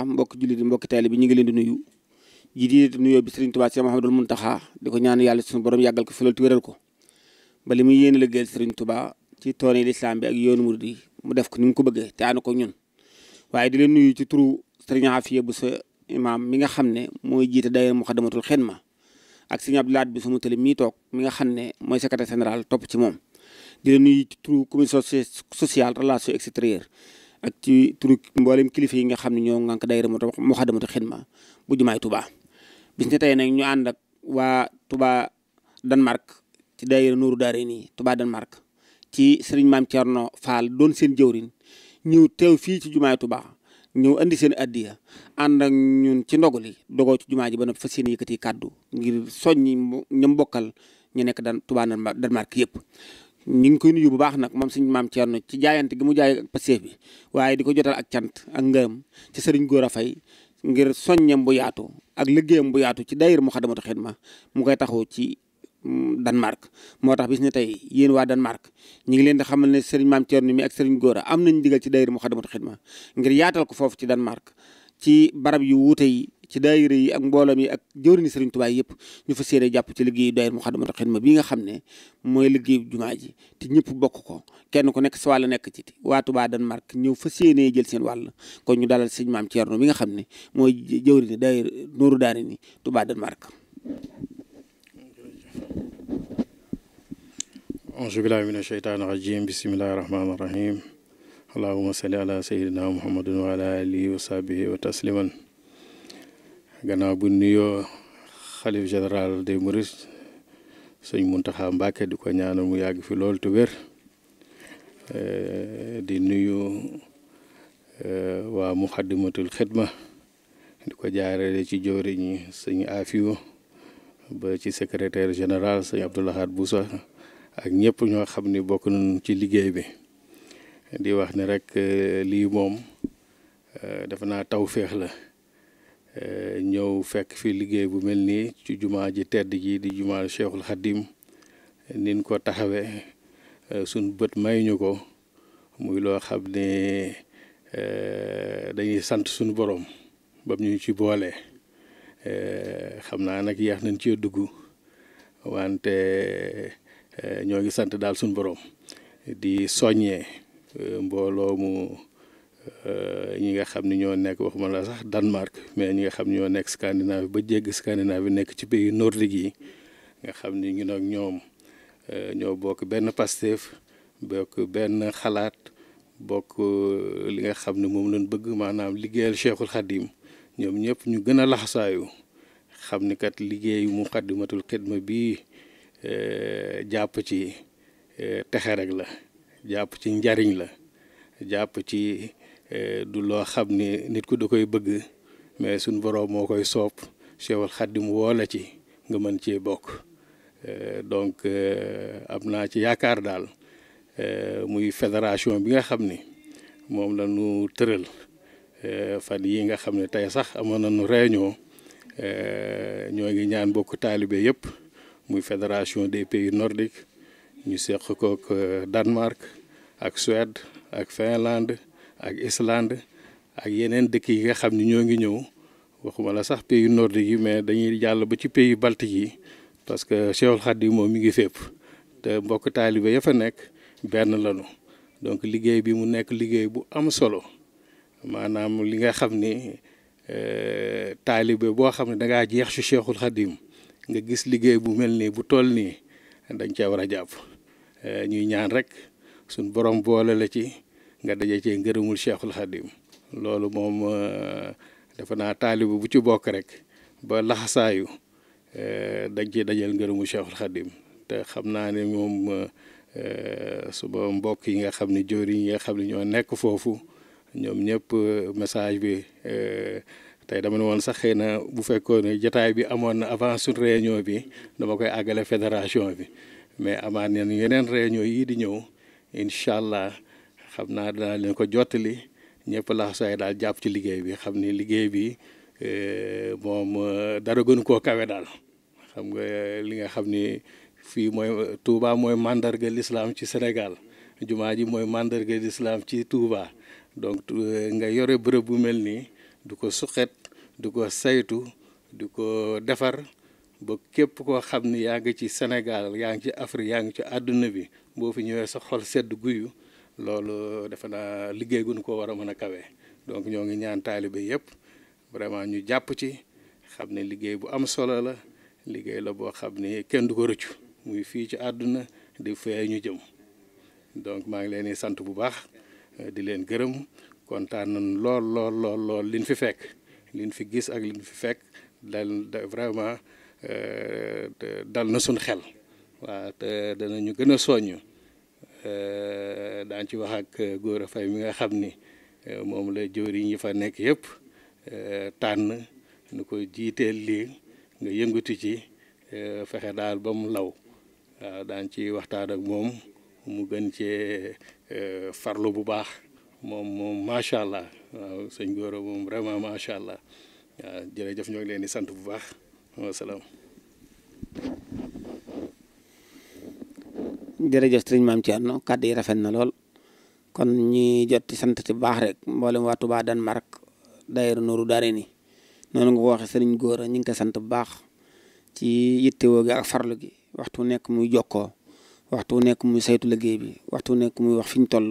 am mbokk jullit yi mbokk taalibe bi ñu ngi leen di nuyu ji di nuyoo bi Serigne Touba Cheikh Mouhamadoul Mountakha di ko ñaan yàlla suñu borom yàggal ko fi loolu te wéral ko ba li muy yéene liggéeyal Serigne Touba ci tooni lislaam bi ak yoonu murid yi mu def ko ni mu ko bëggee te ànd ko ñun waaye di leen nuyu ci turu Serigne Afiya bu sa maam mi nga xam ne mooy jiite daayira Muxaddamatul Xidma ak Serigne Abdou Lahad bi sama tëli mii toog mi nga xam ne mooy secrétaire général topp ci moom di leen nuyu ci turu commission sociale relation extérieure ak ci turu mboolem kilifa yi nga xam ne ñoo ngànk daayira Moukhaddamatoul Khidma bu jumaay Touba bis na tey nag ñu ànd ak waa Touba Danemark ci daayira Nuuru Daarayni Touba Danemark ci sëriñ maam no Fall doon seen jëwrin ñëw teew fii ci jumaay tubaa ñëw andi seen addiya ànd ñun ci ndog li dogoo ci jumaa ji ba noppi fas yéene yëkkati kàddu ngir soññi ñam bokkal ñu nekk dan Touba Danemark yëpp ñu ngi koy nuyu bu baax nag moom suñu maam Thierno ci jaayante gi mu jaay ak Pastef bi waaye di ko jotal ak cant ak ngërëm ci sëriñ a Faye ngir soññam bu yaatoo ak liggéeyam bu yaatu ci daayira Moukhaddamatoul Khidma mu koy taxaw ci mm, Danemark moo tax bis ne tey yéen waa Danemark ñu ngi leen di xamal ne sëriñ maam Thierno mi ak sëriñ Gora am nañ digal ci daayira Moukhaddamatoul Khidma ngir yaatal ko foofu ci Danemark ci barab yu wuute yi ci daayira yi ak mbooloom yi ak jëwriñu Sëriñ Tuubaa yëpp ñu fas yéene jàpp ci liggéey daayira Muxaddamatul Xidma bi nga xam ne mooy liggéey jumaa ji te ñëpp bokk ko kenn ku nekk sa wàll nekk ci waa Tuubaa Danemark ñëw fas yéene jël seen wàll ko ñu dalal sëñ maam Ceerno bi nga xam ne mooy jëwriñu daayira Nuuru Daarayni Tuubaa Danemark auzu billaahi mina sheytaani rajiim bismillaahi rahmaani rahiim gannaaw bu nuyoo xalif général des Mourides sëñ Muntaxa Mbàkke di ko ñaanal mu yàgg fi loolu te wér eh, di nuyu eh, waa Muxaddamatul Xidma di ko jaarale ci jëwriñ sëñ Afiyu ba ci secrétaire général sëñ Abdoulahad Boussa ak ñëpp ñoo xam ni bokk nañ ci liggéey bi di wax ne rek eh, lii moom dafa naa tawféex la Euh, ñëw fekk fi liggéey bu mel nii ci jumaa ji tedd ji di jumaa Cheikhul Khadim nin ko taxawe euh, suñ bët may ñu ko muy loo xam ne euh, dañuy sant suñu borom bam ñu ci boole xam naa nag yeex nañ cee dugg wante ñoo ngi sant daal suñu boroom di soññee mbooloo mu Euh, ñi nga xam ni ñoo nekk waxuma la sax Danemark mais ñi nga xam ñoo nekk Scandinavie ba jégg Scandinavie nekk ci pays nordique yi nga xam ni ñu nag ñoom euh, ñoo bokk benn Pastef bokk benn xalaat bokk euh, li nga xam ne moom lañ bëgg maanaam liggéeyal Cheikhul Khadim ñoom ñëpp ñu gën a laxasaayu xam ni kat liggéeyu Muxaddamatul Xidma bii jàpp ci texe rek la jàpp ci njariñ la jàpp ci Eh, du loo xam ni nit ku da koy bëgg mais suñ boroom moo koy soob Cheikhul Khadim woo la ci nga mën cee bokk eh, donc eh, am naa ci yaakaar daal muy fédération bi nga xam ni moom la ñu tëral fan yi nga xam ne tey sax amoon na nañu réunion ñoo ngi ñaan bokk taalibe yëpp muy fédération des pays nordiques ñu seq kook Danemark ak Suède ak Finlande ak Islande ak yeneen dëkk yi nga xam ni ñoo ngi ñëw waxuma la sax pays nordique yi mais dañuy jàll ba ci pays baltique yi parce que Cheikhul Khadim moom mi ngi fépp te mbokk taalibe ya fa nekk benn lanu donc liggéey bi mu nekk liggéey bu am solo maanaam li nga xam ni euh, taalibe boo xam ne da ngaa jeex ci Cheikhul Khadim nga gis liggéey bu mel nii bu toll nii dañ cee war a jàpp euh, ñuy ñaan rek suñ borom boole la ci. nga daje cee ngërëmul cheikhul xadim loolu moom euh, defe naa taalibu bu ci bokk rek ba laxasaayu euh, dañ ci dajal ngërëmul cheikhul xadim te xam naa ne moom euh, suba mbokk yi nga xam ne jóor yi nga xam ne ñoo nekk foofu ñoom ñëpp message bi tey dama ne woon sax xëy na bu fekkoon ne jotaay bi amoon na avant suñu réunion bi dama koy àggale fédération bi mais amaat nañ yeneen réunion yii di ñëw incha allah. xam naa danaa leen ko jottali ñëpp laa sooy daal jàpp ci liggéey bi xam ni liggéey bi eh, moom eh, dara gënu koo kawe daal xam nga eh, li nga xam ni fii mooy Touba mooy màndarga lislaam ci Sénégal jumaa ji mooy mandarga l'islam ci Touba donc nga yore bërëb bu mel nii du ko suqet du ko saytu du ko defar ba képp koo xam ni yaa ngi ci Sénégal yaa ngi ci Afrique yaa ngi ci àdduna bi boo fi ñëwee sa xol sedd guyu loolu defe naa liggéey gu ñu ko war a mën a kawe donc ñoo ngi ñaan taalibe yëpp vraiment ñu jàpp ci xam ne liggéey bu am solo la liggéey la boo xam ne kenn du ko rëccu muy fii ci àdduna di fee ñu jëm donc maa ngi leen di sant bu baax di leen gërëm kontaan nañ lool lool lool lool liñ fi fekk liñ fi gis ak liñ fi fekk dal vraiment euh, dal na suñ xel waaw te danañu gën a soññ euh, daan ci wax ak euh, Gora Faye mi nga xam ni euh, moom la jëwriñ yi ñu fa nekk yëpp euh, tànn nu ko jiiteel lii nga yëngatu ci fexe daal ba mu law waaw daan ci waxtaan ak moom mu gën cee farlu bu baax moom moom macha allah waaw sëñ Gora moom vraiment macha allah waaw jërëjëf ñoo ngi leen di sant bu baax wa salaam jërëjëf sëriñ maam Thierno kàddu yi rafet na lool kon ñi jot ci sant bu baax rek mboolem waa Touba Danemark daayira Nuuru Daarayni noonu nga ko waxee sëriñ góor ñu ngi ko sant bu baax ci yittewoo gi ak farlu gi waxtu nekk muy jokkoo waxtu nekk muy saytu liggéey bi waxtu nekk muy wax fi ñu toll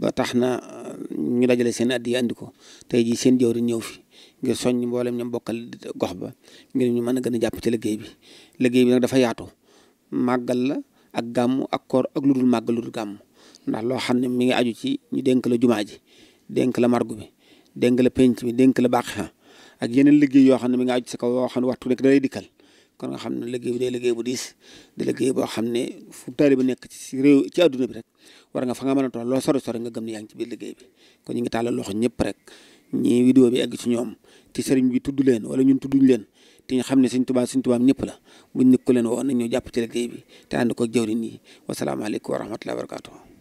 ba tax na uh, ñu dajale seen addi andi ko tey jii seen jawri ñëw fi ngir soññ mboolem ñoom bokkal gox ba ngir ñu mën a gën a jàpp ci liggéey bi liggéey bi nag dafa yaatu màggal ak gàmm ak koor ak lu dul màgg lu dul gàmm ndax loo xam ne mi ngi aju ci ñu denk la jumaa ji dénk la margu bi dénk la penc bi denk la baax ak yeneen liggéey yoo xam ne mi ngi aju ci kaw yoo xam ne waxtu nekk da lay dikkal kon nga xam ne liggéey bi day bu diis liggéey boo xam ne fu taalibe bi nekk ci réew ci adduna bi rek war nga fa nga mën a toll loo sore sore nga gëm ne yaa ngi ci biir liggéey bi kon ñu ngi tàllal loxo ñëpp rek ñi vidéo bi egg ci ñoom te sëriñ bi tudd leen wala ñun tudduñ leen te ñu xam ne sëñ Tuubaa sëñ Tuubaa ñëpp la buñ nekk ku leen woo nañ ñu jàpp ci liggéey bi te ànd ko jëwriñ yi wasalaamaaleykum wa rahmatulah wa barakaatuh